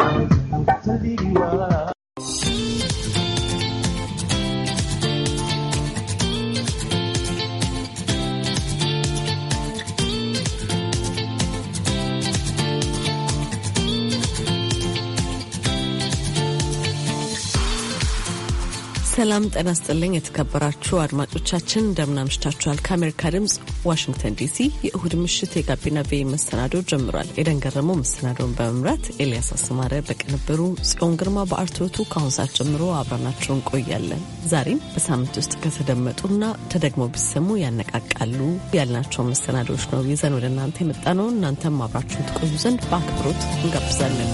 Thank you. ሰላም ጤና ስጥልኝ። የተከበራችሁ አድማጮቻችን እንደምናምሽታችኋል። ከአሜሪካ ድምፅ ዋሽንግተን ዲሲ የእሁድ ምሽት የጋቢና ቤ መሰናዶ ጀምሯል። ኤደን ገረመው መሰናዶውን በመምራት ኤልያስ አስማረ በቅንብሩ፣ ጽዮን ግርማ በአርትዖቱ ከአሁን ሰዓት ጀምሮ አብረናችሁ እንቆያለን። ዛሬም በሳምንት ውስጥ ከተደመጡና ተደግሞ ቢሰሙ ያነቃቃሉ ያልናቸውን መሰናዶዎች ነው ይዘን ወደ እናንተ የመጣ ነው። እናንተም አብራችሁን ትቆዩ ዘንድ በአክብሮት እንጋብዛለን።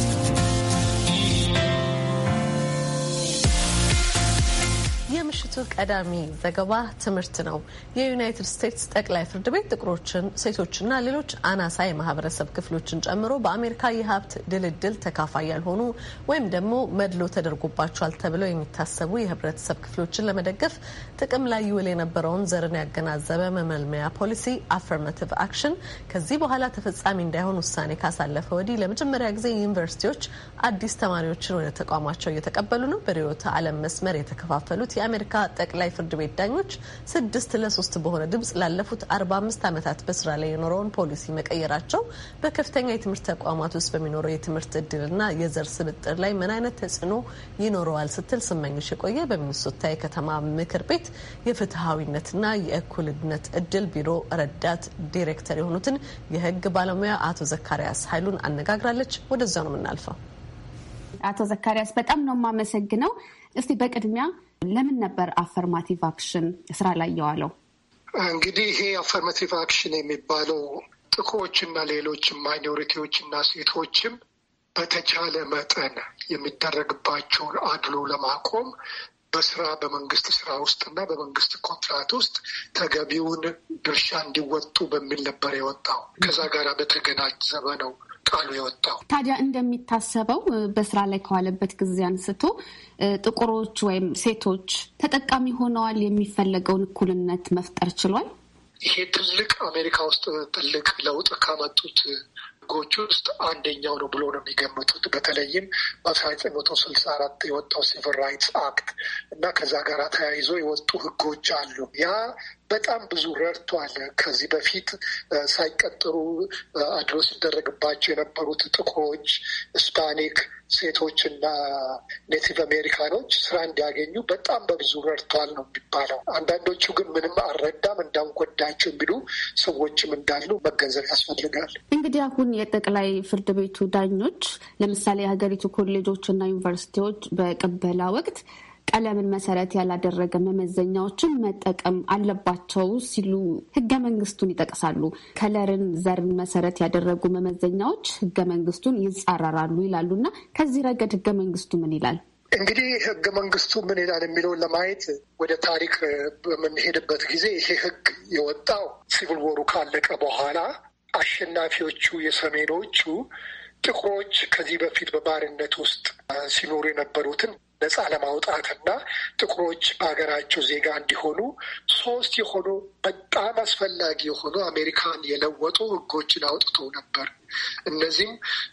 ቀዳሚ ዘገባ ትምህርት ነው። የዩናይትድ ስቴትስ ጠቅላይ ፍርድ ቤት ጥቁሮችን፣ ሴቶችና ሌሎች አናሳ የማህበረሰብ ክፍሎችን ጨምሮ በአሜሪካ የሀብት ድልድል ተካፋይ ያልሆኑ ወይም ደግሞ መድሎ ተደርጎባቸዋል ተብለው የሚታሰቡ የህብረተሰብ ክፍሎችን ለመደገፍ ጥቅም ላይ ይውል የነበረውን ዘርን ያገናዘበ መመልመያ ፖሊሲ አፈርማቲቭ አክሽን ከዚህ በኋላ ተፈጻሚ እንዳይሆን ውሳኔ ካሳለፈ ወዲህ ለመጀመሪያ ጊዜ ዩኒቨርሲቲዎች አዲስ ተማሪዎችን ወደ ተቋማቸው እየተቀበሉ ነው። በርዕዮተ ዓለም መስመር የተከፋፈሉት የአሜሪካ ጠቅላይ ፍርድ ቤት ዳኞች ስድስት ለሶስት በሆነ ድምፅ ላለፉት አርባ አምስት ዓመታት በስራ ላይ የኖረውን ፖሊሲ መቀየራቸው በከፍተኛ የትምህርት ተቋማት ውስጥ በሚኖረው የትምህርት እድልና የዘር ስብጥር ላይ ምን አይነት ተጽዕኖ ይኖረዋል ስትል ስመኝሽ የቆየ በሚኒሶታ የከተማ ምክር ቤት የፍትሐዊነትና የእኩልነት እድል ቢሮ ረዳት ዲሬክተር የሆኑትን የህግ ባለሙያ አቶ ዘካሪያስ ኃይሉን አነጋግራለች። ወደዛ ነው የምናልፈው። አቶ ዘካሪያስ በጣም ነው የማመሰግነው። እስቲ በቅድሚያ ለምን ነበር አፈርማቲቭ አክሽን ስራ ላይ የዋለው? እንግዲህ ይሄ አፈርማቲቭ አክሽን የሚባለው ጥቁሮች እና ሌሎችም ማይኖሪቲዎች እና ሴቶችም በተቻለ መጠን የሚደረግባቸውን አድሎ ለማቆም በስራ በመንግስት ስራ ውስጥ እና በመንግስት ኮንትራት ውስጥ ተገቢውን ድርሻ እንዲወጡ በሚል ነበር የወጣው። ከዛ ጋር በተገናዘበ ነው ቃሉ የወጣው። ታዲያ እንደሚታሰበው በስራ ላይ ከዋለበት ጊዜ አንስቶ ጥቁሮች ወይም ሴቶች ተጠቃሚ ሆነዋል፣ የሚፈለገውን እኩልነት መፍጠር ችሏል። ይሄ ትልቅ አሜሪካ ውስጥ ትልቅ ለውጥ ካመጡት ህጎች ውስጥ አንደኛው ነው ብሎ ነው የሚገምቱት። በተለይም በአስራ ዘጠኝ መቶ ስልሳ አራት የወጣው ሲቪል ራይትስ አክት እና ከዛ ጋር ተያይዞ የወጡ ህጎች አሉ። ያ በጣም ብዙ ረድቷል። ከዚህ በፊት ሳይቀጥሩ አድሮ ሲደረግባቸው የነበሩት ጥቁሮች፣ ስፓኒክ ሴቶችና ኔቲቭ አሜሪካኖች ስራ እንዲያገኙ በጣም በብዙ ረድተዋል ነው የሚባለው። አንዳንዶቹ ግን ምንም አልረዳም እንዳውም ጎዳቸው የሚሉ ሰዎችም እንዳሉ መገንዘብ ያስፈልጋል። እንግዲህ አሁን የጠቅላይ ፍርድ ቤቱ ዳኞች ለምሳሌ የሀገሪቱ ኮሌጆች እና ዩኒቨርሲቲዎች በቅበላ ወቅት ቀለምን መሰረት ያላደረገ መመዘኛዎችን መጠቀም አለባቸው ሲሉ ህገ መንግስቱን ይጠቅሳሉ። ከለርን፣ ዘርን መሰረት ያደረጉ መመዘኛዎች ህገ መንግስቱን ይጻረራሉ ይላሉ እና ከዚህ ረገድ ህገ መንግስቱ ምን ይላል? እንግዲህ ህገ መንግስቱ ምን ይላል የሚለውን ለማየት ወደ ታሪክ በምንሄድበት ጊዜ ይሄ ህግ የወጣው ሲቪል ወሩ ካለቀ በኋላ አሸናፊዎቹ የሰሜኖቹ ጥቁሮች ከዚህ በፊት በባርነት ውስጥ ሲኖሩ የነበሩትን ነጻ ለማውጣትና ጥቁሮች በሀገራቸው ዜጋ እንዲሆኑ ሶስት የሆኑ በጣም አስፈላጊ የሆኑ አሜሪካን የለወጡ ህጎችን አውጥቶ ነበር። እነዚህም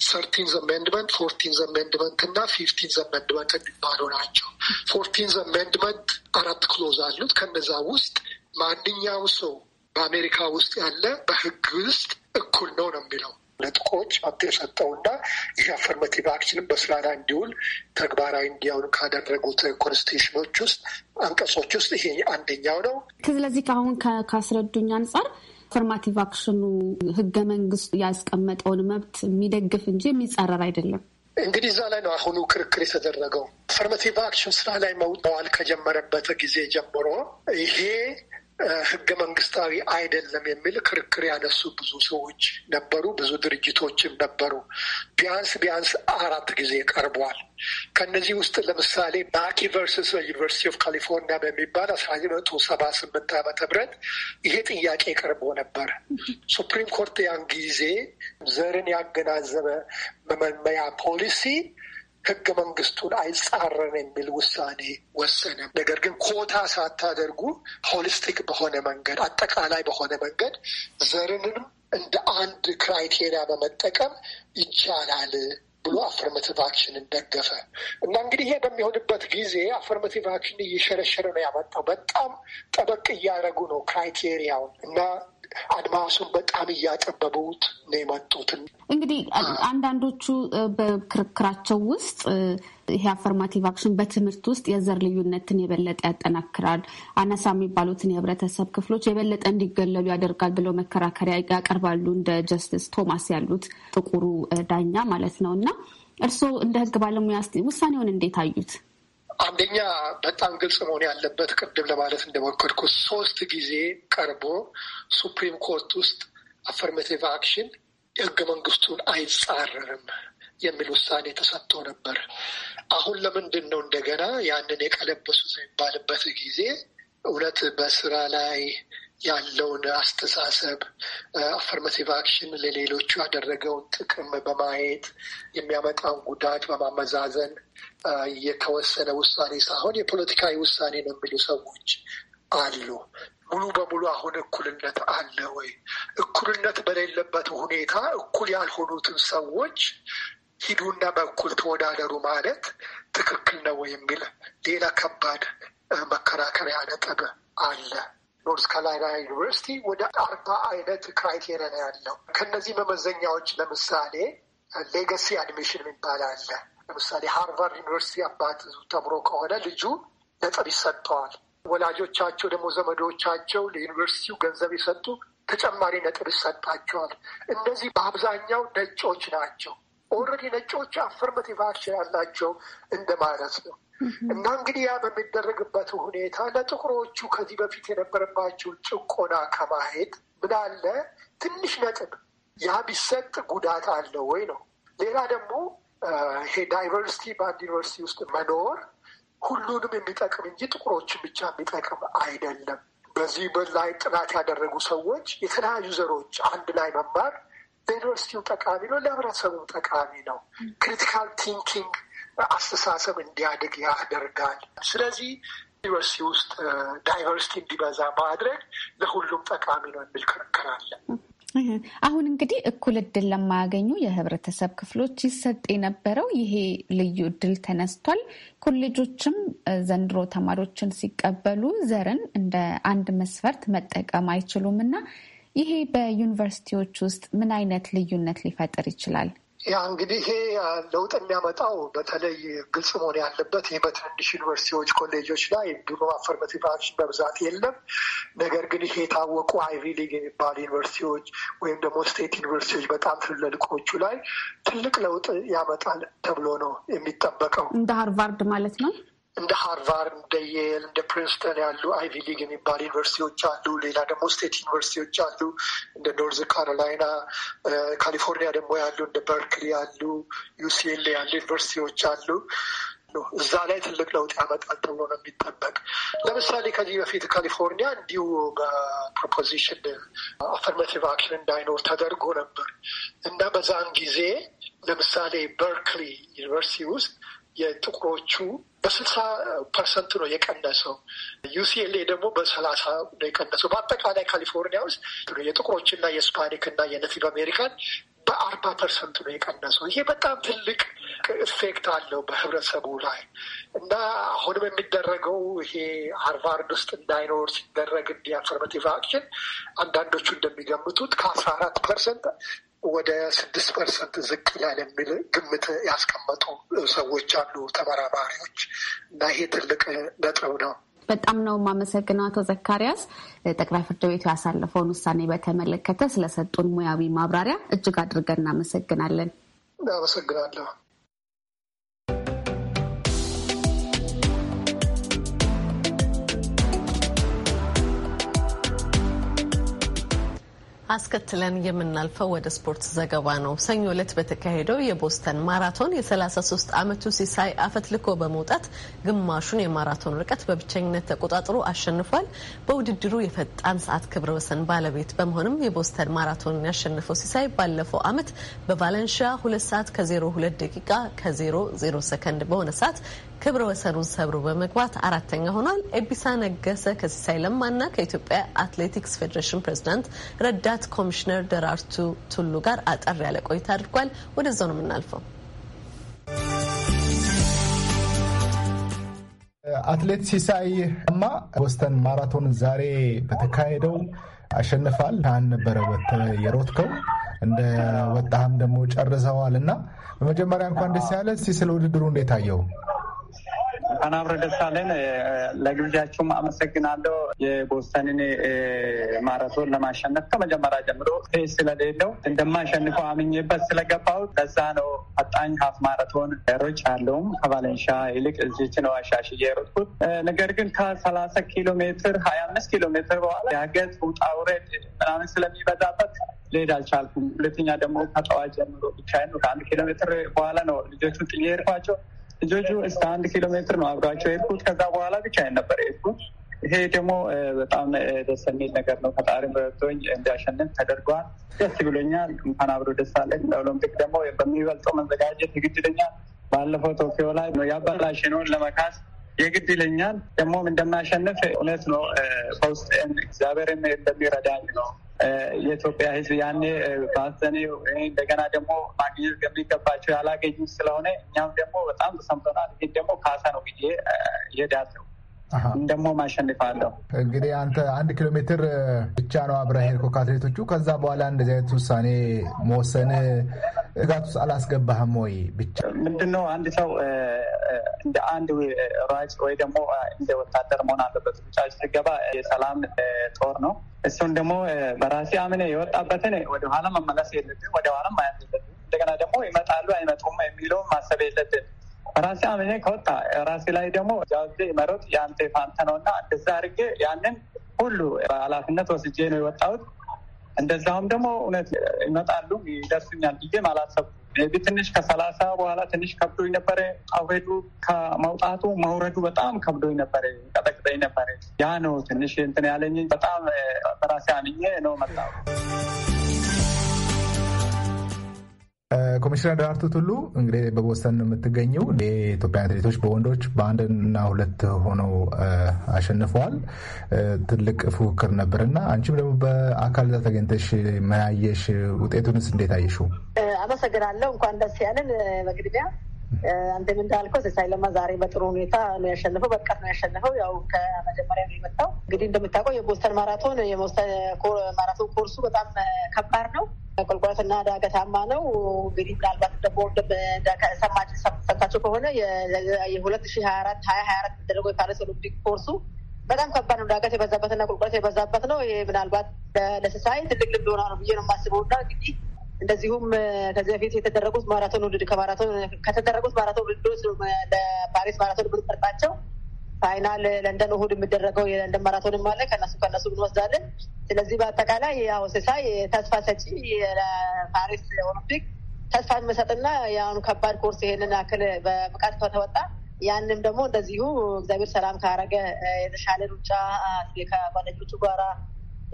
ሰርቲን ዘመንድመንት፣ ፎርቲን ዘመንድመንት እና ፊፍቲን ዘመንድመንት የሚባሉ ናቸው። ፎርቲን ዘመንድመንት አራት ክሎዝ አሉት። ከነዛ ውስጥ ማንኛውም ሰው በአሜሪካ ውስጥ ያለ በህግ ውስጥ እኩል ነው ነው የሚለው ነጥቆች መብት የሰጠውና ይህ አፈርማቲቭ አክሽን በስራራ እንዲውል ተግባራዊ እንዲያውኑ ካደረጉት ኮንስቲቱሽኖች ውስጥ አንቀጾች ውስጥ ይሄ አንደኛው ነው። ስለዚህ ከአሁን ካስረዱኝ አንጻር አፈርማቲቭ አክሽኑ ህገ መንግስቱ ያስቀመጠውን መብት የሚደግፍ እንጂ የሚጻረር አይደለም። እንግዲህ እዛ ላይ ነው አሁኑ ክርክር የተደረገው። አፈርማቲቭ አክሽን ስራ ላይ መዋል ከጀመረበት ጊዜ ጀምሮ ይሄ ህገ መንግስታዊ አይደለም የሚል ክርክር ያነሱ ብዙ ሰዎች ነበሩ፣ ብዙ ድርጅቶችም ነበሩ። ቢያንስ ቢያንስ አራት ጊዜ ቀርቧል። ከነዚህ ውስጥ ለምሳሌ ባኪ ቨርስስ ዩኒቨርሲቲ ኦፍ ካሊፎርኒያ በሚባል አስራ ዘጠኝ መቶ ሰባ ስምንት ዓመተ ምህረት ይሄ ጥያቄ ቀርቦ ነበር። ሱፕሪም ኮርት ያን ጊዜ ዘርን ያገናዘበ መመመያ ፖሊሲ ህገ መንግስቱን አይጻረን የሚል ውሳኔ ወሰነ። ነገር ግን ኮታ ሳታደርጉ ሆሊስቲክ በሆነ መንገድ አጠቃላይ በሆነ መንገድ ዘርንም እንደ አንድ ክራይቴሪያ በመጠቀም ይቻላል ብሎ አፈርማቲቭ አክሽንን ደገፈ እና እንግዲህ ይሄ በሚሆንበት ጊዜ አፈርማቲቭ አክሽን እየሸረሸረ ነው ያመጣው። በጣም ጠበቅ እያደረጉ ነው ክራይቴሪያውን እና አድማሱን በጣም እያጠበቡት ነው የመጡትን። እንግዲህ አንዳንዶቹ በክርክራቸው ውስጥ ይሄ አፈርማቲቭ አክሽን በትምህርት ውስጥ የዘር ልዩነትን የበለጠ ያጠናክራል፣ አነሳ የሚባሉትን የህብረተሰብ ክፍሎች የበለጠ እንዲገለሉ ያደርጋል ብለው መከራከሪያ ያቀርባሉ። እንደ ጀስትስ ቶማስ ያሉት ጥቁሩ ዳኛ ማለት ነው። እና እርስዎ እንደ ህግ ባለሙያ ውሳኔውን እንዴት አዩት? አንደኛ በጣም ግልጽ መሆን ያለበት ቅድም ለማለት እንደሞከርኩ ሶስት ጊዜ ቀርቦ ሱፕሪም ኮርት ውስጥ አፈርሜቲቭ አክሽን የህገ መንግስቱን አይጻረርም የሚል ውሳኔ ተሰጥቶ ነበር። አሁን ለምንድን ነው እንደገና ያንን የቀለበሱት የሚባልበት ጊዜ እውነት በስራ ላይ ያለውን አስተሳሰብ አፈርማቲቭ አክሽን ለሌሎቹ ያደረገውን ጥቅም በማየት የሚያመጣውን ጉዳት በማመዛዘን የተወሰነ ውሳኔ ሳይሆን የፖለቲካዊ ውሳኔ ነው የሚሉ ሰዎች አሉ። ሙሉ በሙሉ አሁን እኩልነት አለ ወይ? እኩልነት በሌለበት ሁኔታ እኩል ያልሆኑትን ሰዎች ሂዱና በእኩል ተወዳደሩ ማለት ትክክል ነው የሚል ሌላ ከባድ መከራከሪያ ነጥብ አለ። ኖርዝ ካሮላይና ዩኒቨርሲቲ ወደ አርባ አይነት ክራይቴሪያ ነው ያለው። ከነዚህ መመዘኛዎች ለምሳሌ ሌገሲ አድሚሽን የሚባል አለ። ለምሳሌ ሃርቫርድ ዩኒቨርሲቲ አባት ተምሮ ከሆነ ልጁ ነጥብ ይሰጠዋል። ወላጆቻቸው ደግሞ ዘመዶቻቸው ለዩኒቨርሲቲው ገንዘብ የሰጡ ተጨማሪ ነጥብ ይሰጣቸዋል። እነዚህ በአብዛኛው ነጮች ናቸው። ኦልሬዲ ነጮች አፈርማቲቭ አክሽን ያላቸው እንደማለት ነው። እና እንግዲህ ያ በሚደረግበት ሁኔታ ለጥቁሮቹ ከዚህ በፊት የነበረባቸው ጭቆና ከማሄድ ምናለ ትንሽ ነጥብ ያ ቢሰጥ ጉዳት አለ ወይ ነው። ሌላ ደግሞ ይሄ ዳይቨርሲቲ በአንድ ዩኒቨርሲቲ ውስጥ መኖር ሁሉንም የሚጠቅም እንጂ ጥቁሮችን ብቻ የሚጠቅም አይደለም። በዚህ ላይ ጥናት ያደረጉ ሰዎች የተለያዩ ዘሮች አንድ ላይ መማር ለዩኒቨርሲቲው ጠቃሚ ነው፣ ለህብረተሰቡ ጠቃሚ ነው። ክሪቲካል ቲንኪንግ አስተሳሰብ እንዲያድግ ያደርጋል። ስለዚህ ዩኒቨርሲቲ ውስጥ ዳይቨርሲቲ እንዲበዛ ማድረግ ለሁሉም ጠቃሚ ነው የሚል ክርክር አለ። አሁን እንግዲህ እኩል እድል ለማያገኙ የህብረተሰብ ክፍሎች ይሰጥ የነበረው ይሄ ልዩ እድል ተነስቷል። ኮሌጆችም ዘንድሮ ተማሪዎችን ሲቀበሉ ዘርን እንደ አንድ መስፈርት መጠቀም አይችሉም እና ይሄ በዩኒቨርሲቲዎች ውስጥ ምን አይነት ልዩነት ሊፈጥር ይችላል? ያ እንግዲህ ይሄ ለውጥ የሚያመጣው በተለይ ግልጽ መሆን ያለበት ይህ በትንንሽ ዩኒቨርሲቲዎች፣ ኮሌጆች ላይ አፈርመቲ ባች በብዛት የለም። ነገር ግን ይሄ የታወቁ አይቪ ሊግ የሚባሉ ዩኒቨርሲቲዎች ወይም ደግሞ ስቴት ዩኒቨርሲቲዎች በጣም ትልልቆቹ ላይ ትልቅ ለውጥ ያመጣል ተብሎ ነው የሚጠበቀው እንደ ሃርቫርድ ማለት ነው። እንደ ሃርቫርድ፣ እንደ የል፣ እንደ ፕሪንስተን ያሉ አይቪ ሊግ የሚባል ዩኒቨርሲቲዎች አሉ። ሌላ ደግሞ ስቴት ዩኒቨርሲቲዎች አሉ፣ እንደ ኖርዝ ካሮላይና፣ ካሊፎርኒያ ደግሞ ያሉ እንደ በርክሊ ያሉ፣ ዩሲል ያሉ ዩኒቨርሲቲዎች አሉ። እዛ ላይ ትልቅ ለውጥ ያመጣል ተብሎ ነው የሚጠበቅ። ለምሳሌ ከዚህ በፊት ካሊፎርኒያ እንዲሁ በፕሮፖዚሽን አፈርማቲቭ አክሽን እንዳይኖር ተደርጎ ነበር እና በዛን ጊዜ ለምሳሌ በርክሊ ዩኒቨርሲቲ ውስጥ የጥቁሮቹ በስልሳ ፐርሰንት ነው የቀነሰው። ዩሲኤልኤ ደግሞ በሰላሳ ነው የቀነሰው። በአጠቃላይ ካሊፎርኒያ ውስጥ የጥቁሮችና የስፓኒክ እና የነቲቭ አሜሪካን በአርባ ፐርሰንት ነው የቀነሰው። ይሄ በጣም ትልቅ ኢፌክት አለው በህብረተሰቡ ላይ እና አሁንም የሚደረገው ይሄ ሃርቫርድ ውስጥ እንዳይኖር ሲደረግ እንዲ አፈርማቲቭ አክሽን አንዳንዶቹ እንደሚገምቱት ከአስራ አራት ፐርሰንት ወደ ስድስት ፐርሰንት ዝቅ ይላል የሚል ግምት ያስቀመጡ ሰዎች አሉ ተመራማሪዎች። እና ይሄ ትልቅ ነጥብ ነው። በጣም ነው የማመሰግነው አቶ ዘካሪያስ ጠቅላይ ፍርድ ቤቱ ያሳለፈውን ውሳኔ በተመለከተ ስለሰጡን ሙያዊ ማብራሪያ እጅግ አድርገን እናመሰግናለን። እናመሰግናለሁ። አስከትለን የምናልፈው ወደ ስፖርት ዘገባ ነው። ሰኞ ለት በተካሄደው የቦስተን ማራቶን የ33 ዓመቱ ሲሳይ አፈትልኮ በመውጣት ግማሹን የማራቶን ርቀት በብቸኝነት ተቆጣጥሮ አሸንፏል። በውድድሩ የፈጣን ሰዓት ክብረ ወሰን ባለቤት በመሆንም የቦስተን ማራቶንን ያሸነፈው ሲሳይ ባለፈው ዓመት በቫለንሺያ 2 ሰዓት ከ02 ደቂቃ ከ00 ሰከንድ በሆነ ሰዓት ክብረ ወሰኑን ሰብሮ በመግባት አራተኛ ሆኗል። ኤቢሳ ነገሰ ከሲሳይ ለማና ከኢትዮጵያ አትሌቲክስ ፌዴሬሽን ፕሬዚዳንት ረዳት ኮሚሽነር ደራርቱ ቱሉ ጋር አጠር ያለ ቆይታ አድርጓል። ወደዛው ነው የምናልፈው። አትሌት ሲሳይ ማ ቦስተን ማራቶን ዛሬ በተካሄደው አሸንፋል። ታን ነበረ የሮትከው እንደ ወጣህም ደግሞ ጨርሰዋል እና በመጀመሪያ እንኳን ደስ ያለ። እስቲ ስለ ውድድሩ እንዴት አየው? አናብረ ደሳለን ለግብዣችሁም አመሰግናለሁ። የቦስተንን ማራቶን ለማሸነፍ ከመጀመሪያ ጀምሮ ፌስ ስለሌለው እንደማሸንፈው አምኜበት ስለገባው ለዛ ነው ፈጣኝ ሀፍ ማራቶን ሮጭ አለውም። ከቫለንሻ ይልቅ እዚች ነው አሻሽ የሮጥኩት። ነገር ግን ከሰላሳ ኪሎ ሜትር ሀያ አምስት ኪሎ ሜትር በኋላ ያገት ውጣ ውረድ ምናምን ስለሚበዛበት ልሄድ አልቻልኩም። ሁለተኛ ደግሞ ከጠዋት ጀምሮ ብቻዬን ከአንድ ኪሎ ሜትር በኋላ ነው ልጆቹን ጥዬ ሄድኳቸው። ልጆቹ እስከ አንድ ኪሎ ሜትር ነው አብሯቸው የሄድኩት። ከዛ በኋላ ብቻ ነበር የሄድኩት። ይሄ ደግሞ በጣም ደስ የሚል ነገር ነው። ፈጣሪ በቶኝ እንዲያሸንፍ ተደርጓል። ደስ ብሎኛል። እንኳን አብሮ ደስ አለን። ለኦሎምፒክ ደግሞ በሚበልጠው መዘጋጀት የግድ ይለኛል። ባለፈው ቶኪዮ ላይ ያበላሽነውን ለመካስ የግድ ይለኛል። ደግሞም እንደማያሸንፍ እውነት ነው። በውስጥ እግዚአብሔር እንደሚረዳኝ ነው የኢትዮጵያ ሕዝብ ያኔ ባዘኔ እንደገና ደግሞ ማግኘት ከሚገባቸው ያላገኙ ስለሆነ እኛም ደግሞ በጣም ተሰምቶናል። ግን ደግሞ ካሳ ነው ብዬ እሄዳለሁ። ደግሞ ማሸንፋለሁ። እንግዲህ አንተ አንድ ኪሎ ሜትር ብቻ ነው አብረህ ሄድኮ ከአትሌቶቹ። ከዛ በኋላ እንደዚህ አይነት ውሳኔ መወሰን ስጋት ውስጥ አላስገባህም ወይ? ብቻ ምንድን ነው አንድ ሰው እንደ አንድ ሯጭ ወይ ደግሞ እንደ ወታደር መሆን አለበት። ሩጫ ስገባ የሰላም ጦር ነው። እሱን ደግሞ በራሴ አምኔ የወጣበትን ወደኋላ መመለስ የለብን፣ ወደኋላ ማየት የለብን። እንደገና ደግሞ ይመጣሉ አይመጡም የሚለውን ማሰብ የለብን። በራሴ አምኔ ከወጣ ራሴ ላይ ደግሞ ጃዜ መሮጥ የአንተ ፋንተ ነው እና እንደዛ አድርጌ ያንን ሁሉ ኃላፊነት ወስጄ ነው የወጣሁት። እንደዛውም ደግሞ እውነት ይመጣሉ ይደርሱኛል ብዬ አላሰብኩም። ቤቢ ትንሽ ከሰላሳ በኋላ ትንሽ ከብዶኝ ነበረ። አውሬዱ ከመውጣቱ መውረዱ በጣም ከብዶኝ ነበረ፣ ቀጠቅጠኝ ነበረ። ያ ነው ትንሽ እንትን ያለኝ። በጣም በራሴ አንኜ ነው መጣሁ። ኮሚሽነር ዳርቱ ቱሉ እንግዲህ በቦስተን ነው የምትገኘው። የኢትዮጵያ አትሌቶች በወንዶች በአንድና ሁለት ሆነው አሸንፈዋል። ትልቅ ፉክክር ነበርና አንቺም ደግሞ በአካል እዛ ተገኝተሽ መያየሽ ውጤቱንስ እንዴት አየሽው? አመሰግናለሁ። እንኳን ደስ ያለን መግቢያ አንተም እንዳልከው ሲሳይ ለማ ዛሬ በጥሩ ሁኔታ ነው ያሸነፈው፣ በርቀት ነው ያሸነፈው። ያው ከመጀመሪያ ነው የመጣው። እንግዲህ እንደምታውቀው የቦስተን ማራቶን የቦስተን ማራቶን ኮርሱ በጣም ከባድ ነው፣ ቁልቁለትና ዳገታማ ነው። እንግዲህ ምናልባት ደግሞ ሰምታቸው ከሆነ የሁለት ሺ ሀያ አራት ሀያ ሀያ አራት የሚደረገው የፓሪስ ኦሎምፒክ ኮርሱ በጣም ከባድ ነው። ዳገት የበዛበትና ቁልቁለት የበዛበት ነው። ይህ ምናልባት ለስሳይ ትልቅ ልብ ሆና ነው ብዬ ነው የማስበው እና እንግዲህ እንደዚሁም ከዚህ በፊት የተደረጉት ማራቶን ውድድ ከማራቶን ከተደረጉት ማራቶን ውድዶች ለፓሪስ ማራቶን ብንቀርጣቸው ፋይናል ለንደን እሁድ የሚደረገው የለንደን ማራቶንም አለ። ከነሱ ከነሱ ብንወስዳለን። ስለዚህ በአጠቃላይ ያው ስሳ ተስፋ ሰጪ ለፓሪስ ኦሎምፒክ ተስፋ የሚሰጥና የአሁኑ ከባድ ኮርስ ይሄንን አክል በብቃት ከተወጣ ያንም ደግሞ እንደዚሁ እግዚአብሔር ሰላም ካረገ የተሻለ ሩጫ ከጓደኞቹ ጋራ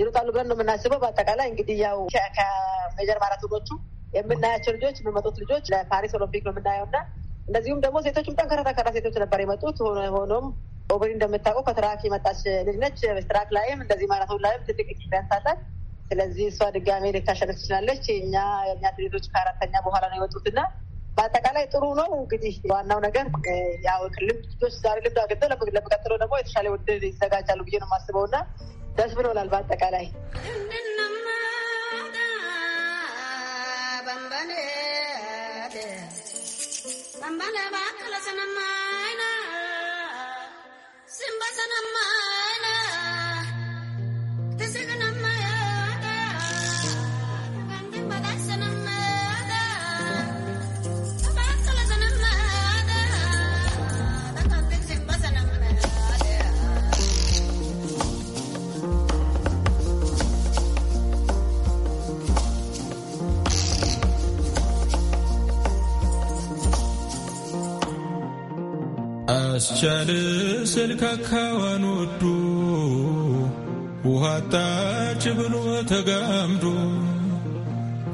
ይሩጣሉ ብለን ነው የምናስበው። በአጠቃላይ እንግዲህ ያው ከሜጀር ማራቶኖቹ የምናያቸው ልጆች የሚመጡት ልጆች ለፓሪስ ኦሎምፒክ ነው የምናየው እና እንደዚሁም ደግሞ ሴቶችም ጠንካራ ጠንካራ ሴቶች ነበር የመጡት። ሆኖም ኦብሪ እንደምታውቀው ከትራክ የመጣች ልጅ ነች። ትራክ ላይም እንደዚህ ማራቶን ላይም ትልቅ ኤክስፔሪንስ አላት። ስለዚህ እሷ ድጋሜ ልታሸንፍ ትችላለች። እኛ የኛ ትሌቶች ከአራተኛ በኋላ ነው የወጡት እና በአጠቃላይ ጥሩ ነው። እንግዲህ ዋናው ነገር ያው ልምድ ልጆች ዛሬ ልምድ አግኝተው ለሚቀጥለው ደግሞ የተሻለ ውድድር ይዘጋጃሉ ብዬ ነው የማስበው እና ደስ ብሎናል። በአጠቃላይ ሻልስል ካካዋን ወዱ ውሃጣች ብሎ ተጋምዶ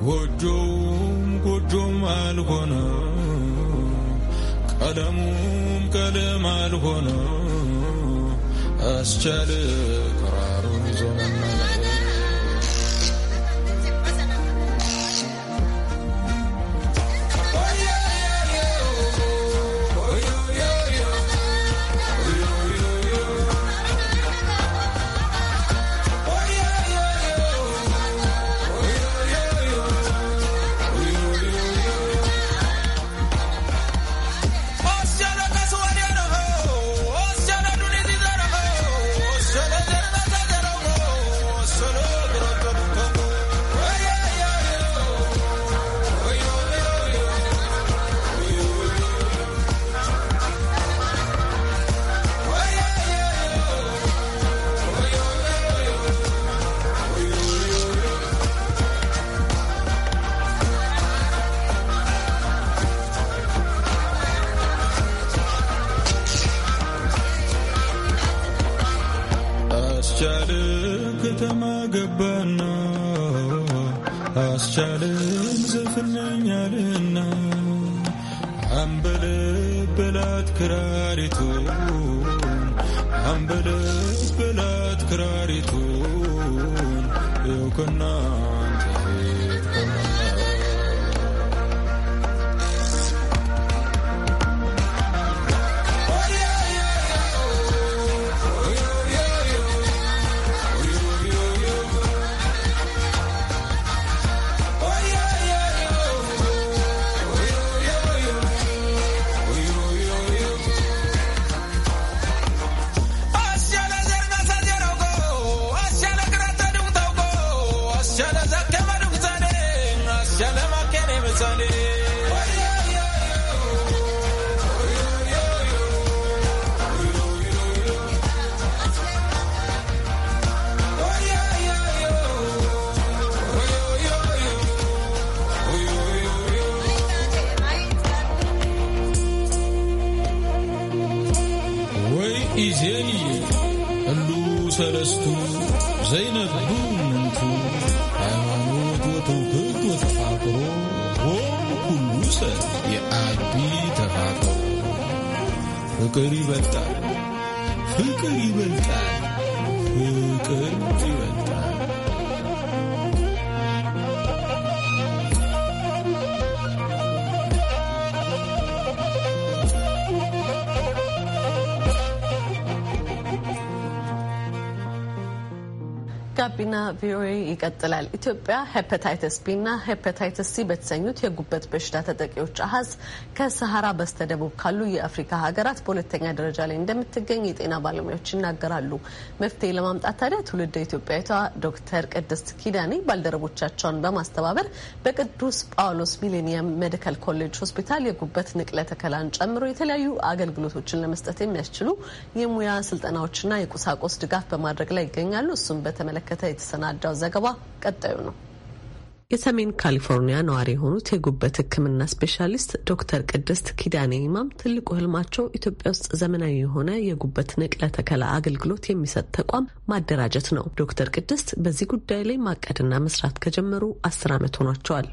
ጎጆም ጎጆም አልሆነ ቀለሙም ቀለም አልሆነ አስቻል ቀራሩን ይዞ ዘፍነኛልና ክራሪቱ ክራሪቱን ክራሪቱን የውቅና ጊዜኒ እሉ ሰለስቱ ዘይነብ ምንቱ ሃይማኖት ወትውክልት ወተፋቅሮ ሆም ኩሉ ሰብ የአቢ ተፋቅሮ ፍቅር ይበልጣል ፍቅር ይበልጣል ፍቅር ይበልጣል ጋቢና ቪኦኤ ይቀጥላል። ኢትዮጵያ ሄፐታይተስ ቢና እና ሄፐታይተስ ሲ በተሰኙት የጉበት በሽታ ተጠቂዎች አሀዝ ከሰሃራ በስተደቡብ ካሉ የአፍሪካ ሀገራት በሁለተኛ ደረጃ ላይ እንደምትገኝ የጤና ባለሙያዎች ይናገራሉ። መፍትሄ ለማምጣት ታዲያ ትውልደ ኢትዮጵያዊቷ ዶክተር ቅድስት ኪዳኔ ባልደረቦቻቸውን በማስተባበር በቅዱስ ጳውሎስ ሚሌኒየም ሜዲካል ኮሌጅ ሆስፒታል የጉበት ንቅለ ተከላን ጨምሮ የተለያዩ አገልግሎቶችን ለመስጠት የሚያስችሉ የሙያ ስልጠናዎችና የቁሳቁስ ድጋፍ በማድረግ ላይ ይገኛሉ። እሱም በተመለከተ የተመለከተ የተሰናዳው ዘገባ ቀጣዩ ነው። የሰሜን ካሊፎርኒያ ነዋሪ የሆኑት የጉበት ሕክምና ስፔሻሊስት ዶክተር ቅድስት ኪዳኔ ኢማም ትልቁ ህልማቸው ኢትዮጵያ ውስጥ ዘመናዊ የሆነ የጉበት ንቅለ ተከላ አገልግሎት የሚሰጥ ተቋም ማደራጀት ነው። ዶክተር ቅድስት በዚህ ጉዳይ ላይ ማቀድና መስራት ከጀመሩ አስር ዓመት ሆኗቸዋል።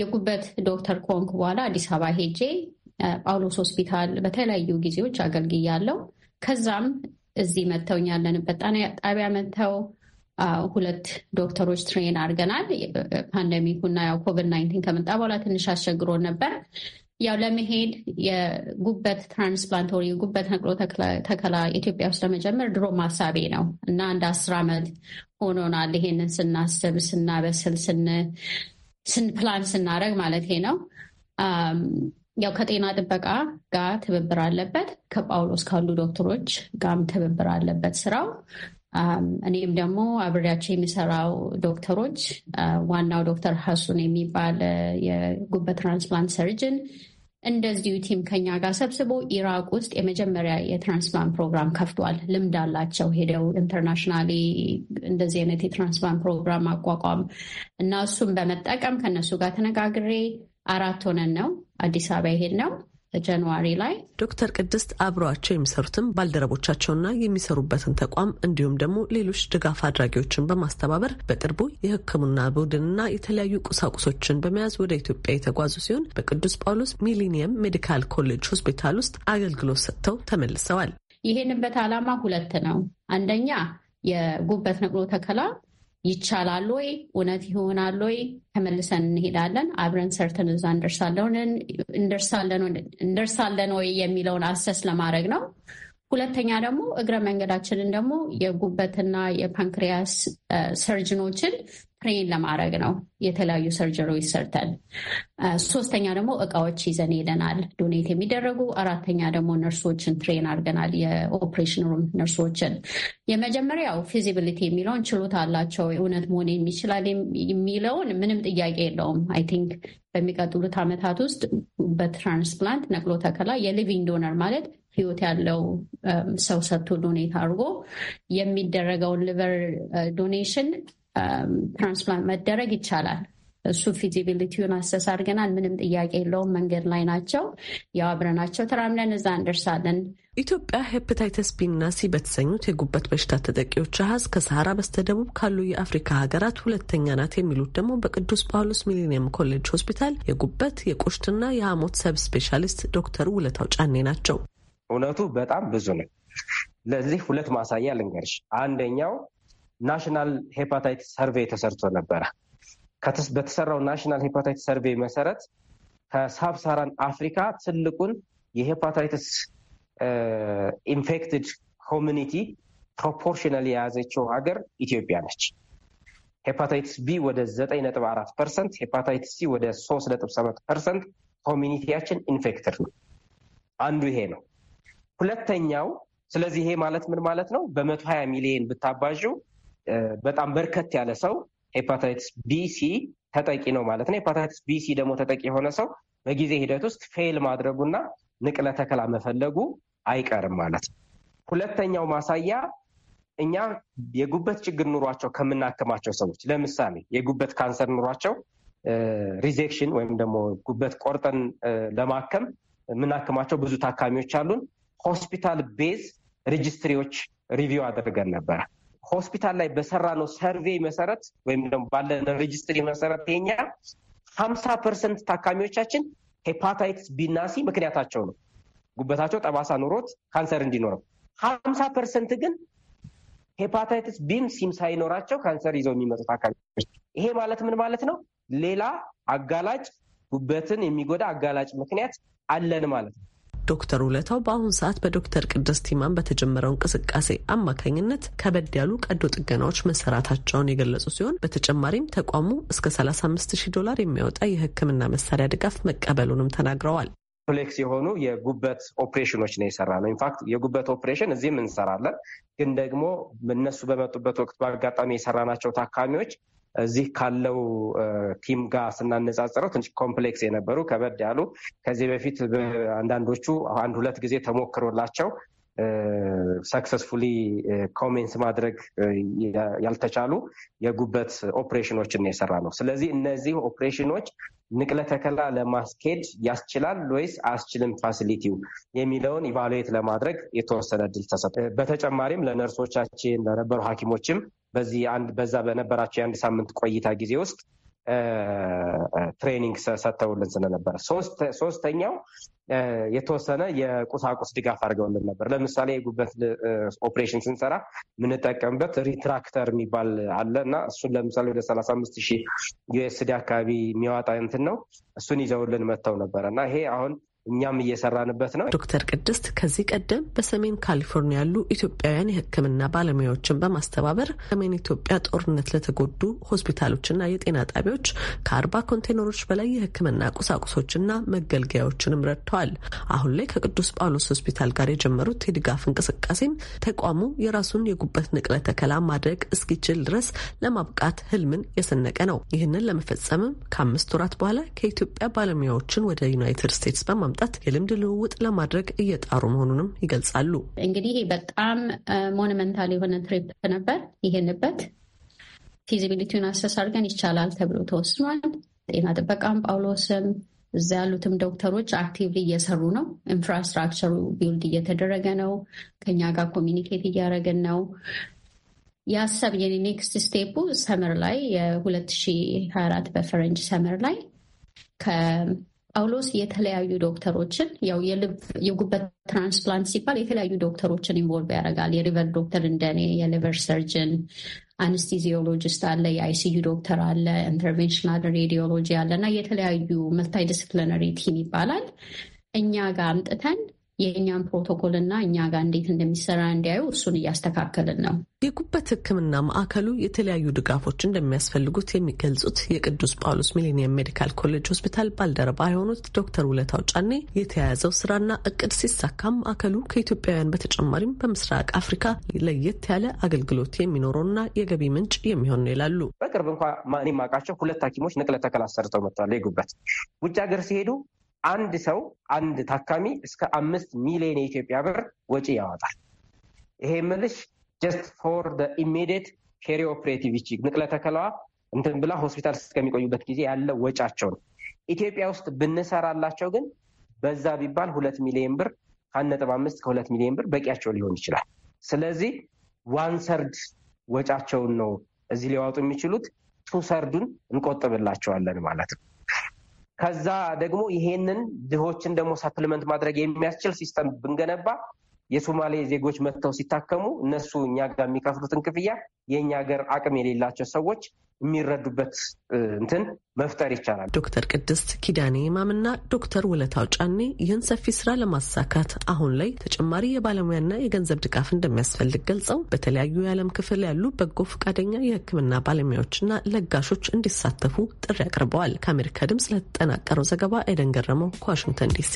የጉበት ዶክተር ኮንክ በኋላ አዲስ አበባ ሄጄ ጳውሎስ ሆስፒታል በተለያዩ ጊዜዎች አገልግያለሁ። ከዛም እዚህ መጥተው እኛ ያለንበት ጣቢያ መጥተው ሁለት ዶክተሮች ትሬን አድርገናል። ፓንደሚኩና ያው ኮቪድ ናይንቲን ከመጣ በኋላ ትንሽ አስቸግሮ ነበር። ያው ለመሄድ የጉበት ትራንስፕላንቶሪ የጉበት ነቅሎ ተከላ ኢትዮጵያ ውስጥ ለመጀመር ድሮ ማሳቤ ነው እና አንድ አስር ዓመት ሆኖናል። ይሄንን ስናስብ ስናበስል፣ ፕላን ስናደረግ ማለት ነው። ያው ከጤና ጥበቃ ጋር ትብብር አለበት፣ ከጳውሎስ ካሉ ዶክተሮች ጋርም ትብብር አለበት ስራው እኔም ደግሞ አብሬያቸው የሚሰራው ዶክተሮች ዋናው ዶክተር ሀሱን የሚባል የጉበት ትራንስፕላንት ሰርጅን እንደዚሁ ቲም ከኛ ጋር ሰብስቦ ኢራቅ ውስጥ የመጀመሪያ የትራንስፕላንት ፕሮግራም ከፍቷል። ልምድ አላቸው። ሄደው ኢንተርናሽናሊ እንደዚህ አይነት የትራንስፕላንት ፕሮግራም አቋቋም እና እሱም በመጠቀም ከነሱ ጋር ተነጋግሬ አራት ሆነን ነው አዲስ አበባ ይሄድ ነው ጃንዋሪ ላይ ዶክተር ቅድስት አብረዋቸው የሚሰሩትን ባልደረቦቻቸውና የሚሰሩበትን ተቋም እንዲሁም ደግሞ ሌሎች ድጋፍ አድራጊዎችን በማስተባበር በቅርቡ የሕክምና ቡድንና የተለያዩ ቁሳቁሶችን በመያዝ ወደ ኢትዮጵያ የተጓዙ ሲሆን በቅዱስ ጳውሎስ ሚሊኒየም ሜዲካል ኮሌጅ ሆስፒታል ውስጥ አገልግሎት ሰጥተው ተመልሰዋል። ይሄንበት ዓላማ ሁለት ነው። አንደኛ የጉበት ነቅሎ ተከላ ይቻላል ወይ? እውነት ይሆናል ወይ? ተመልሰን እንሄዳለን፣ አብረን ሰርተን እዛ እንደርሳለን ወይ የሚለውን አሰስ ለማድረግ ነው። ሁለተኛ ደግሞ እግረ መንገዳችንን ደግሞ የጉበትና የፓንክሪያስ ሰርጅኖችን ትሬን ለማድረግ ነው። የተለያዩ ሰርጀሪዎች ሰርተን፣ ሶስተኛ ደግሞ እቃዎች ይዘን ሄደናል፣ ዶኔት የሚደረጉ አራተኛ ደግሞ ነርሶችን ትሬን አድርገናል፣ የኦፕሬሽን ሩም ነርሶችን። የመጀመሪያው ፊዚቢሊቲ የሚለውን ችሎታ አላቸው እውነት መሆን የሚችላል የሚለውን ምንም ጥያቄ የለውም። አይ ቲንክ በሚቀጥሉት ዓመታት ውስጥ በትራንስፕላንት ነቅሎ ተከላ የሊቪንግ ዶነር ማለት ህይወት ያለው ሰው ሰጥቶ ዶኔት አድርጎ የሚደረገውን ሊቨር ዶኔሽን ትራንስፕላንት um, መደረግ ይቻላል። እሱ ፊዚቢሊቲውን አሰስ አድርገናል። ምንም ጥያቄ የለውም። መንገድ ላይ ናቸው። ያው አብረናቸው ተራምለን እዛ እንደርሳለን። ኢትዮጵያ ሄፕታይተስ ቢናሲ ሲ በተሰኙት የጉበት በሽታ ተጠቂዎች አሀዝ ከሰሃራ በስተደቡብ ካሉ የአፍሪካ ሀገራት ሁለተኛ ናት የሚሉት ደግሞ በቅዱስ ጳውሎስ ሚሊኒየም ኮሌጅ ሆስፒታል የጉበት የቆሽትና የሐሞት ሰብ ስፔሻሊስት ዶክተር ውለታው ጫኔ ናቸው። እውነቱ በጣም ብዙ ነው። ለዚህ ሁለት ማሳያ ልንገርሽ። አንደኛው ናሽናል ሄፓታይትስ ሰርቬይ ተሰርቶ ነበረ። በተሰራው ናሽናል ሄፓታይትስ ሰርቬይ መሰረት ከሳብሳራን አፍሪካ ትልቁን የሄፓታይትስ ኢንፌክትድ ኮሚኒቲ ፕሮፖርሽናል የያዘችው ሀገር ኢትዮጵያ ነች። ሄፓታይትስ ቢ ወደ ዘጠኝ ነጥብ አራት ፐርሰንት፣ ሄፓታይትስ ሲ ወደ ሶስት ነጥብ ሰባት ፐርሰንት ኮሚኒቲያችን ኢንፌክትድ ነው። አንዱ ይሄ ነው። ሁለተኛው ስለዚህ ይሄ ማለት ምን ማለት ነው? በመቶ ሀያ ሚሊየን ብታባዥው በጣም በርከት ያለ ሰው ሄፓታይትስ ቢሲ ተጠቂ ነው ማለት ነው። ሄፓታይትስ ቢሲ ደግሞ ተጠቂ የሆነ ሰው በጊዜ ሂደት ውስጥ ፌል ማድረጉና ንቅለ ተከላ መፈለጉ አይቀርም ማለት ነው። ሁለተኛው ማሳያ እኛ የጉበት ችግር ኑሯቸው ከምናክማቸው ሰዎች ለምሳሌ የጉበት ካንሰር ኑሯቸው ሪዜክሽን ወይም ደግሞ ጉበት ቆርጠን ለማከም የምናክማቸው ብዙ ታካሚዎች አሉን። ሆስፒታል ቤዝ ሬጅስትሪዎች ሪቪው አድርገን ነበረ። ሆስፒታል ላይ በሰራ ነው ሰርቬይ መሰረት ወይም ደግሞ ባለ ሬጅስትሪ መሰረት የኛ ሀምሳ ፐርሰንት ታካሚዎቻችን ሄፓታይትስ ቢናሲ ምክንያታቸው ነው ጉበታቸው ጠባሳ ኑሮት ካንሰር እንዲኖረው። ሀምሳ ፐርሰንት ግን ሄፓታይትስ ቢም ሲም ሳይኖራቸው ካንሰር ይዘው የሚመጡ ታካሚዎች። ይሄ ማለት ምን ማለት ነው? ሌላ አጋላጭ ጉበትን የሚጎዳ አጋላጭ ምክንያት አለን ማለት ነው። ዶክተር ውለታው በአሁኑ ሰዓት በዶክተር ቅድስ ቲማን በተጀመረው እንቅስቃሴ አማካኝነት ከበድ ያሉ ቀዶ ጥገናዎች መሰራታቸውን የገለጹ ሲሆን በተጨማሪም ተቋሙ እስከ 35 ዶላር የሚያወጣ የሕክምና መሳሪያ ድጋፍ መቀበሉንም ተናግረዋል። ኮምፕሌክስ የሆኑ የጉበት ኦፕሬሽኖች ነው የሰራ ነው። ኢንፋክት የጉበት ኦፕሬሽን እዚህም እንሰራለን፣ ግን ደግሞ እነሱ በመጡበት ወቅት በአጋጣሚ ናቸው ታካሚዎች እዚህ ካለው ቲም ጋር ስናነጻጽረው ትንሽ ኮምፕሌክስ የነበሩ ከበድ ያሉ ከዚህ በፊት አንዳንዶቹ አንድ ሁለት ጊዜ ተሞክሮላቸው ሰክሰስፉሊ ኮሜንስ ማድረግ ያልተቻሉ የጉበት ኦፕሬሽኖችን የሰራ ነው። ስለዚህ እነዚህ ኦፕሬሽኖች ንቅለ ተከላ ለማስኬድ ያስችላል ወይስ አያስችልም ፋሲሊቲው የሚለውን ኢቫሉዌት ለማድረግ የተወሰነ እድል ተሰጥቷል። በተጨማሪም ለነርሶቻችን ለነበሩ ሐኪሞችም በዚህ በዛ በነበራቸው የአንድ ሳምንት ቆይታ ጊዜ ውስጥ ትሬኒንግ ሰጥተውልን ስለነበረ፣ ሶስተኛው የተወሰነ የቁሳቁስ ድጋፍ አድርገውልን ነበር። ለምሳሌ የጉበት ኦፕሬሽን ስንሰራ የምንጠቀምበት ሪትራክተር የሚባል አለ እና እሱን ለምሳሌ ወደ ሰላሳ አምስት ሺህ ዩኤስዲ አካባቢ የሚያወጣ እንትን ነው። እሱን ይዘውልን መጥተው ነበር እና ይሄ አሁን እኛም እየሰራንበት ነው። ዶክተር ቅድስት ከዚህ ቀደም በሰሜን ካሊፎርኒያ ያሉ ኢትዮጵያውያን የሕክምና ባለሙያዎችን በማስተባበር ሰሜን ኢትዮጵያ ጦርነት ለተጎዱ ሆስፒታሎችና የጤና ጣቢያዎች ከአርባ ኮንቴነሮች በላይ የሕክምና ቁሳቁሶችና መገልገያዎችንም ረድተዋል። አሁን ላይ ከቅዱስ ጳውሎስ ሆስፒታል ጋር የጀመሩት የድጋፍ እንቅስቃሴም ተቋሙ የራሱን የጉበት ንቅለ ተከላ ማድረግ እስኪችል ድረስ ለማብቃት ህልምን የሰነቀ ነው። ይህንን ለመፈጸምም ከአምስት ወራት በኋላ ከኢትዮጵያ ባለሙያዎችን ወደ ዩናይትድ ስቴትስ በማ ለማምጣት የልምድ ልውውጥ ለማድረግ እየጣሩ መሆኑንም ይገልጻሉ። እንግዲህ በጣም ሞኑመንታል የሆነ ትሪፕ ነበር። ይሄንበት ፊዚቢሊቲውን አስተሳርገን ይቻላል ተብሎ ተወስኗል። ጤና ጥበቃም ጳውሎስም እዛ ያሉትም ዶክተሮች አክቲቭሊ እየሰሩ ነው። ኢንፍራስትራክቸሩ ቢውልድ እየተደረገ ነው። ከኛ ጋር ኮሚኒኬት እያደረግን ነው። ያሰብ የኔክስት ስቴፑ ሰመር ላይ የ2024 በፈረንጅ ሰመር ላይ ጳውሎስ የተለያዩ ዶክተሮችን ያው የልብ የጉበት ትራንስፕላንት ሲባል የተለያዩ ዶክተሮችን ኢንቮልቭ ያደርጋል። የሪቨር ዶክተር እንደኔ፣ የሊቨር ሰርጅን፣ አንስቲዚዮሎጂስት አለ፣ የአይሲዩ ዶክተር አለ፣ ኢንተርቬንሽናል ሬዲዮሎጂ አለ እና የተለያዩ ዲስፕሊነሪ ቲም ይባላል። እኛ ጋር አምጥተን የእኛን ፕሮቶኮል እና እኛ ጋር እንዴት እንደሚሰራ እንዲያዩ እሱን እያስተካከልን ነው። የጉበት ሕክምና ማዕከሉ የተለያዩ ድጋፎች እንደሚያስፈልጉት የሚገልጹት የቅዱስ ጳውሎስ ሚሊኒየም ሜዲካል ኮሌጅ ሆስፒታል ባልደረባ የሆኑት ዶክተር ውለታው ጫኔ የተያያዘው ስራና እቅድ ሲሳካ ማዕከሉ ከኢትዮጵያውያን በተጨማሪም በምስራቅ አፍሪካ ለየት ያለ አገልግሎት የሚኖረውና የገቢ ምንጭ የሚሆን ነው ይላሉ። በቅርብ እንኳ እኔ የማውቃቸው ሁለት ሐኪሞች ንቅለ ተከላ ሰርተው መጥተዋል። የጉበት ውጭ ሀገር ሲሄዱ አንድ ሰው አንድ ታካሚ እስከ አምስት ሚሊዮን የኢትዮጵያ ብር ወጪ ያወጣል። ይሄ ምልሽ ጀስት ፎር ኢሚዲየት ፔሪ ኦፕሬቲቭ ይቺ ንቅለ ተከላዋ እንትን ብላ ሆስፒታል እስከሚቆዩበት ጊዜ ያለ ወጫቸው ነው። ኢትዮጵያ ውስጥ ብንሰራላቸው ግን በዛ ቢባል ሁለት ሚሊዮን ብር ከአንድ ነጥብ አምስት ከሁለት ሚሊዮን ብር በቂያቸው ሊሆን ይችላል። ስለዚህ ዋንሰርድ ወጫቸውን ነው እዚህ ሊያወጡ የሚችሉት። ቱሰርዱን እንቆጥብላቸዋለን ማለት ነው። ከዛ ደግሞ ይሄንን ድሆችን ደግሞ ሰትልመንት ማድረግ የሚያስችል ሲስተም ብንገነባ የሶማሌ ዜጎች መጥተው ሲታከሙ እነሱ እኛ ጋር የሚከፍሉትን ክፍያ የእኛ ሀገር አቅም የሌላቸው ሰዎች የሚረዱበት እንትን መፍጠር ይቻላል። ዶክተር ቅድስት ኪዳኔ ማምና ዶክተር ውለታው ጫኔ ይህን ሰፊ ስራ ለማሳካት አሁን ላይ ተጨማሪ የባለሙያና የገንዘብ ድጋፍ እንደሚያስፈልግ ገልጸው በተለያዩ የዓለም ክፍል ያሉ በጎ ፈቃደኛ የሕክምና ባለሙያዎችና ለጋሾች እንዲሳተፉ ጥሪ አቅርበዋል። ከአሜሪካ ድምጽ ለተጠናቀረው ዘገባ ኤደን ገረመው ከዋሽንግተን ዲሲ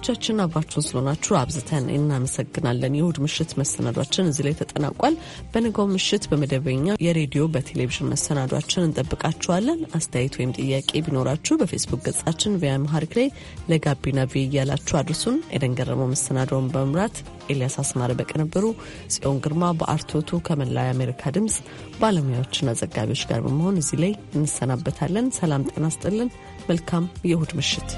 አድማጮቻችን አብራችሁን ስለሆናችሁ አብዝተን እናመሰግናለን። የእሁድ ምሽት መሰናዷችን እዚህ ላይ ተጠናቋል። በንጋው ምሽት በመደበኛ የሬዲዮ በቴሌቪዥን መሰናዷችን እንጠብቃችኋለን። አስተያየት ወይም ጥያቄ ቢኖራችሁ በፌስቡክ ገጻችን ቪያ መሀሪክ ላይ ለጋቢና ቪ እያላችሁ አድርሱን። ኤደን ገረመው መሰናዷውን በመምራት ኤልያስ አስማረ በቅንብሩ፣ ጽዮን ግርማ በአርቶቱ ከመላው የአሜሪካ ድምፅ ባለሙያዎችና ዘጋቢዎች ጋር በመሆን እዚህ ላይ እንሰናበታለን። ሰላም ጤና ስጥልን። መልካም የእሁድ ምሽት